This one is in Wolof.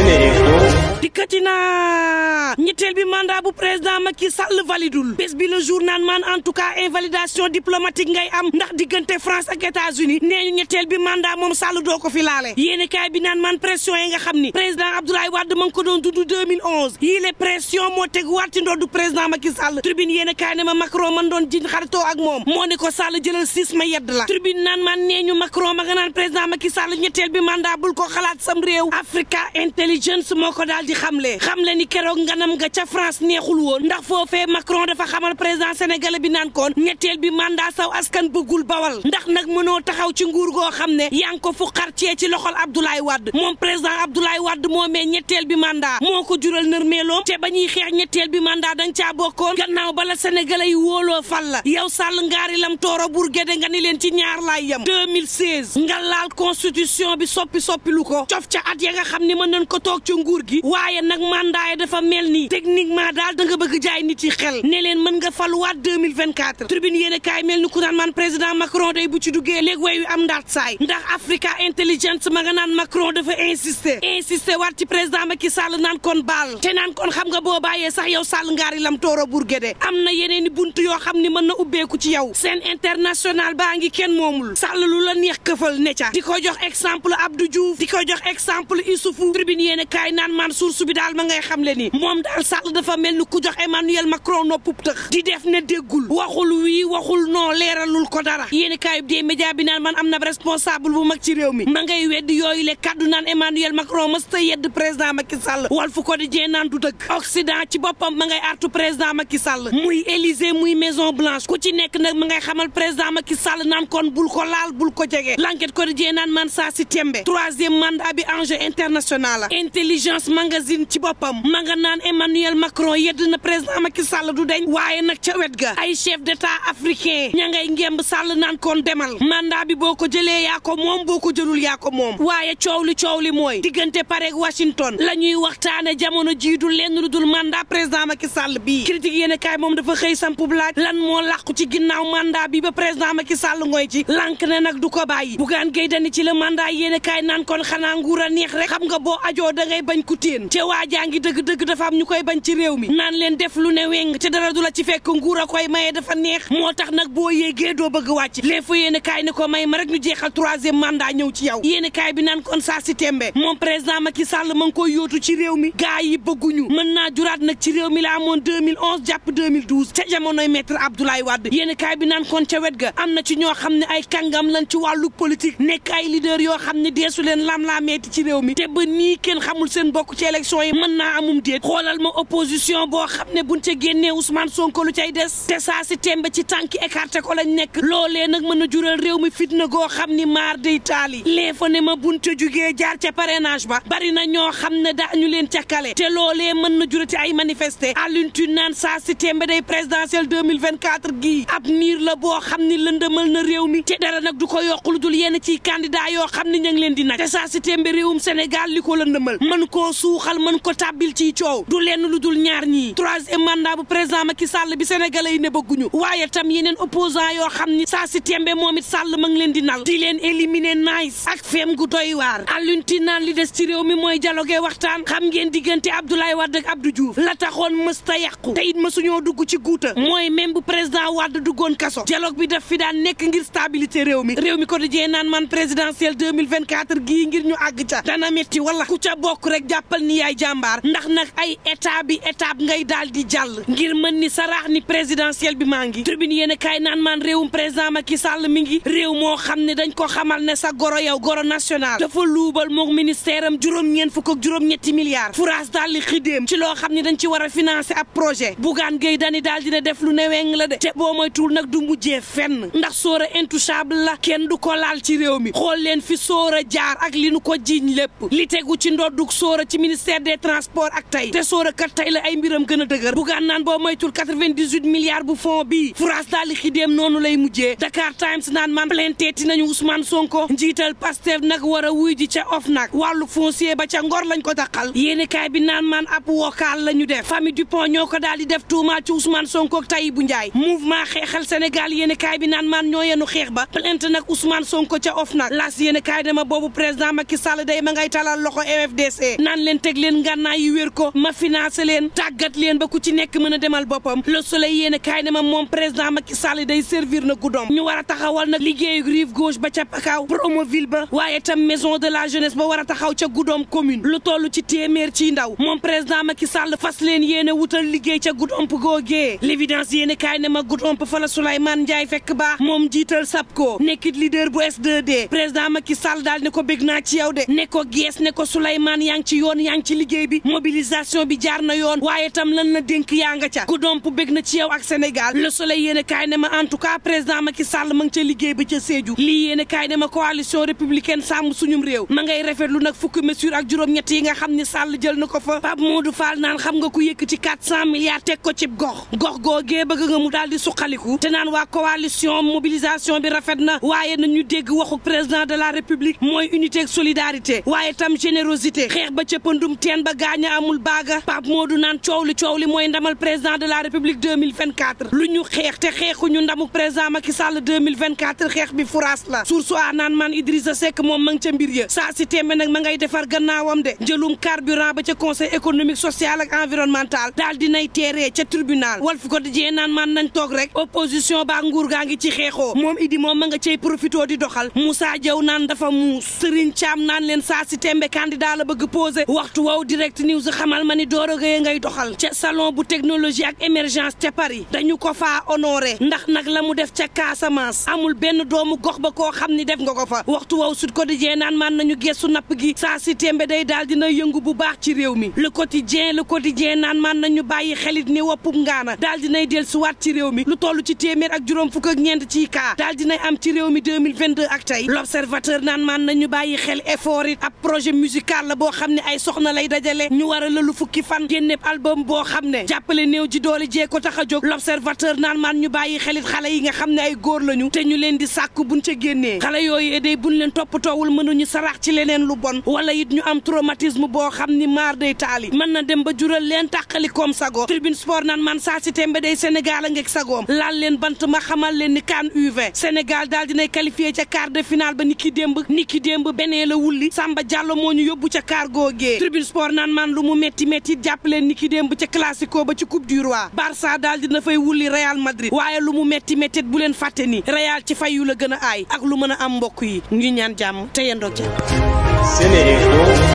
Sene Info dikkati naa ñetteel bi mandat bu président Macky Sall validul bés bi naan maan en tout cas ngay am ndax diggante France ak États-Unis nee ñu ñetteel bi mandat moom Sall doo ko fi laale bi naan maan pression yi nga xam ni président Abdoulaye Wade ma ko doon dudd 2011 yii les pression moo teguwaat ci ndoddu président Macky Sall tribune naan maan nee ñu Macron ma président Macky Sall ñetteel bi mandat bul ko xalaat ca France neexul woon ndax foofee Macron dafa xamal président sénégalais bi nankoon ñetteel bi mandat saw askan bëggul bawal ndax nag mënoo taxaw ci nguur goo xam ne yaa ngi ko fu xarcee ci loxol Abdoulaye Wade moom président Abdoulaye moom moomee ñetteel bi mandaa moo ko jural nërmeeloom te ba ñuy xeex ñetteel bi mandat danga caa bokkoon gannaaw bala sénégalais yi wooloo fal la yow sàll ngaari lam tooro bur nga ni leen ci ñaar yam yem 2016 nga laal constitution bi soppi soppi lu ko ca at ya xam ne mën nañ ko toog ci nguur gi waaye nag mandat dafa mel ni techniquement daal da nga bëgg jaay nit yi xel ne leen mën nga faluwaat 2024 tribune yéen a kaay mel ni ku naan man président Macron day bu ci duggee léegi way wi am ndaat saay ndax Africa ma nga naan Macron dafa insister insister waat ci président Macky Sall naan kon baal te naan kon xam nga boo bàyyee sax yow Sall ngaari lam tooro Bourguédé am na yeneen i bunt yoo xam ni mën na ubbeeku ci yow seen international baa ngi kenn moomul Sall lu la neex këfal ne ca di ko jox exemple Abdou Diouf di ko jox exemple Issoufou tribune yéen kaay naan man source bi daal ma ngay xam le ni moom Macky Sall dafa mel ni ku jox Emmanuel Macron noppub tëx di def na déggul waxul wii waxul non leeralul ko dara yéen kaayub dee média bi naan man am na responsable bu mag ci réew mi ma ngay weddi yooyu le kàddu naan Emmanuel Macron mësta yedd président Macky Sall Walf Quotidien naan du dëgg Occident ci boppam ma ngay artu président Macky Sall muy Élysée muy Maison Blanche ku ci nekk nag ma ngay xamal président Macky Sall naan kon bul ko laal bul ko jege L'Enquête Quotidien naan man saa si tembe troisième mandat bi enjeu international la ci boppam ma Emmanuel Macron yedd na président Macky Sall du deñ waaye nag ca bi boo ko jëlee yaa ko moom boo ko jëlul yaa ko moom waaye coow li coow li mooy diggante Paris Washington la ñuy waxtaane jamono jii du lenn lu dul mandat président Macky Sall bii critique yéen kaay moom dafa xëy sampub laaj lan moo làqu ci ginnaaw mandat bi ba président Macky Sall ngooy ci lànk na nag du ko bàyyi bugaan gay dani ci la mandat yéen kaay naan kon xanaa nguur a neex rek xam nga boo ajoo da ngay bañ ku téen te waa ngi dëgg-dëgg dafa koy bañ ci réew mi naan leen def lu ne weng te dara du la ci fekk nguur a koy maye dafa neex moo tax nag boo yéegee doo bëgg wàcc les fa yéen kaay ne ko may ma rek ñu jeexal troisième mandat ñëw ci yow yéen kaay bi naan kon saa si tembe moom président Macky Sall ma ngi koy yóotu ci réew mi gaa yi bëgguñu mën naa juraat nag ci réew mi la amoon 2011 jàpp 2012 ca jamonoy maître Abdoulaye Wade yéen kaay bi naan kon ca wet ga am na ci ñoo xam ne ay kàngam lan ci wàllu politique nekk ay leader yoo xam ne deesu leen lam laa meeti ci réew mi te ba nii kenn xamul seen bokk ci yi mën naa amum déet xoolal opposition boo xam ne buñ ca génnee Ousmane Sonko lu cay des te saa si tembe ci e écarté ko lañ nekk loolee nag mën na jural réew mi fitna goo xam ni maar day taali lee fa ne ma buñ jugee jaar ca parrainage ba bari na ñoo xam ne daañu leen ca kale te loolee mën na jural ci ay manifester Alioune Tine naan saa si tembe day présidentielle 2024 gii ab niir la boo xam ni lëndëmal na réew mi te dara nag du ko yokk lu jul yenn ci candidat yoo xam ne ña ngi leen di naj te saa si tembe réewum Sénégal li ko lëndëmal mën koo suuxal mën ko tàbbil ci lenn lu dul ñaar ñi troisième mandat bu président Macky Sall bi sénégalais yi ne bëgguñu waaye tam yeneen opposant yoo xam ni saa si tembe moom it Sall ma ngi leen di nal di leen éliminer nice ak feem gu doy waar Alioune naan li des ci réew mi mooy dialogue waxtaan xam ngeen diggante Abdoulaye Wade ak Abdou Diouf la taxoon mës ta yàqu te it mësuñoo dugg ci guuta mooy même bu président Wade duggoon kaso dialogue bi daf fi daan nekk ngir stabilité réew mi réew mi ko dajee naan man présidentielle 2024 gii ngir ñu àgg ca dana metti wala ku ca bokk rek jàppal ni yaay jàmbaar ndax nag ay état bi étape ngay daal di jàll ngir mën ni saraax ni présidentielle bi maa ngi tribune yéen a kaay naan maan réewum président Macky Sall mi ngi réew moo xam ne dañ ko xamal ne sa goro yow goro national dafa luubal moom ministère am juróom-ñeent fukk ak juróom-ñetti milliards furaas daal di xidéem ci loo xam ne dañ ci wara war a financer ab projet bugaan gay dani daal dina def lu ne neweng la de te boo moytuwul nag du mujjee fenn ndax sóora intouchable la kenn du ko laal ci réew mi xool leen fi sóora jaar ak li nu ko jiiñ lépp li tegu ci ndoddug sóora ci ministère des transports ak tey te sóora kat tey la ay mbiram gën a dëgër bugaan naan boo moytul 98 milliards bu fond bi France daal li xidéem noonu lay mujjee Dakar Times naan man plainteeti nañu Ousmane Sonko njiital Pastef nag war a wuy ji ca OFNAC wàllu foncier ba ca ngor lañ ko taxal yéenekaay bi naan man ab wokaal la ñu def famille Dupont ñoo ko daal di def tuuma ci Ousmane Sonko ak Tahibou Ndiaye mouvement xeexal Sénégal yéenekaay bi naan man ñoo yenu xeex ba plainte nag Ousmane Sonko ca financé leen tàggat leen ba ku ci nekk mën a demal boppam le soleil yéen a kaay ne ma moom président Macky Sall day servir na guddoom ñu war a taxawal nag liggéeyu rive gauche ba ca Pakaaw ba waaye tam maison de la jeunesse ba war a taxaw ca guddoom commune lu toll ci téeméer ci ndaw moom président Macky Sall fas leen yéen a wutal liggéey ca guddomp googee l'évidence yéen a kaay ne ma guddomp fala la Souleymane Ndiaye fekk baax moom jiital SAPCO nekkit leader bu S2D président Macky Sall ne ko bég naa ci yow de ne ko ne ko Souleymane yaa ngi ci yoon yaa ngi ci liggéey bi mobilisation jaar na waaye tam lan la dénk yaa nga ca ku domp bég na ci yow ak Sénégal le soleil yéen a kaay ne ma en tout cas président Macky Sall ma ngi ca liggéey ba ca Sédhiou lii yéen a kaay ne ma coalition républicaine sàmm suñum réew ma ngay rafetlu nag fukki mesure ak juróom-ñett yi nga xam ne Sall jël na ko fa Pape Modou Fall naan xam nga ku yëkkati quatre cent milliards teg ko cib gox gox googee bëgg nga mu daal di suqaliku te naan waa coalition mobilisation bi rafet na waaye nañu dégg waxu président de la république mooy unité ak solidarité waaye tam générosité xeex ba ca pëndum teen ba gaañ amul baaga moo Modou naan coow li coow li mooy ndamal président de la république 2024 lu ñu xeex te xeexuñu ndamu président Macky Sall 2024 xeex bi furaas la sursoir naan man Idrissa Seck moom ma ngi ca mbir ya saa si tembe nag ma ngay defar gannaawam de njëlum carburant ba ca conseil économique social ak environnemental daal dinay teeree ca tribunal Walf Quotidien naan man nañ toog rek opposition baa nguur gaa ngi ci xeexoo moom idi moom ma nga cay profitoo di doxal Moussa Diaw naan dafa muus Serigne Thiam naan leen saa si tembe candidat la bëgg posé waxtu wow direct news xamal ma ni door waragee ngay doxal ca salon bu technologie ak émergence ca Paris dañu ko faa honoré ndax nag la mu def ca Casamance amul benn doomu gox ba koo xam ni def nga ko fa waxtu waw Sud Quotidien naan man nañu gestu napp gi saa si tembe day daal dina yëngu bu baax ci réew mi Le Quotidien Le Quotidien naan man nañu bàyyi xelit ni woppub ngaana daal dinay del suwaat ci réew mi lu toll ci téeméer ak juróom fukk ak ñeent ci kaa daal dinay am ci réew mi 2022 ak tey L'Observateur naan man nañu bàyyi xel effort it ab projet musical la boo xam ne ay soxna lay dajale ñu war lalu fukki fan fan génne album boo xam ne jàppale néew ji doole jee ko tax a jóg l'observateur naan maan ñu bàyyi xelit xale yi nga xam ne ay góor lañu te ñu leen di sàkk buñ ca génnee xale yooyu e day buñ leen toppatoowul ñu sarax ci leneen lu bon wala it ñu am traumatisme boo xam ni maar day taali man na dem ba jural leen tàqali koom sago tribune sport naan man saa si tembe day Sénégal a ngeeg sagoom laal leen bant ma xamal leen ni CAN U20 Sénégal daal dinay qualifié ca quart de finale ba niki démb niki démb benee la wulli Samba Diallo moo ñu yóbbu ca quart googee jàpp leen ni ki démb ca classico ba ci coupe du roi Barça daal dina fay wulli Real Madrid waaye lu mu metti méttit bu leen fàtte ni Real ci fayu la gën a aay ak lu mën a am mbokk yi ñu ñaan jàmm te yendoog jàmm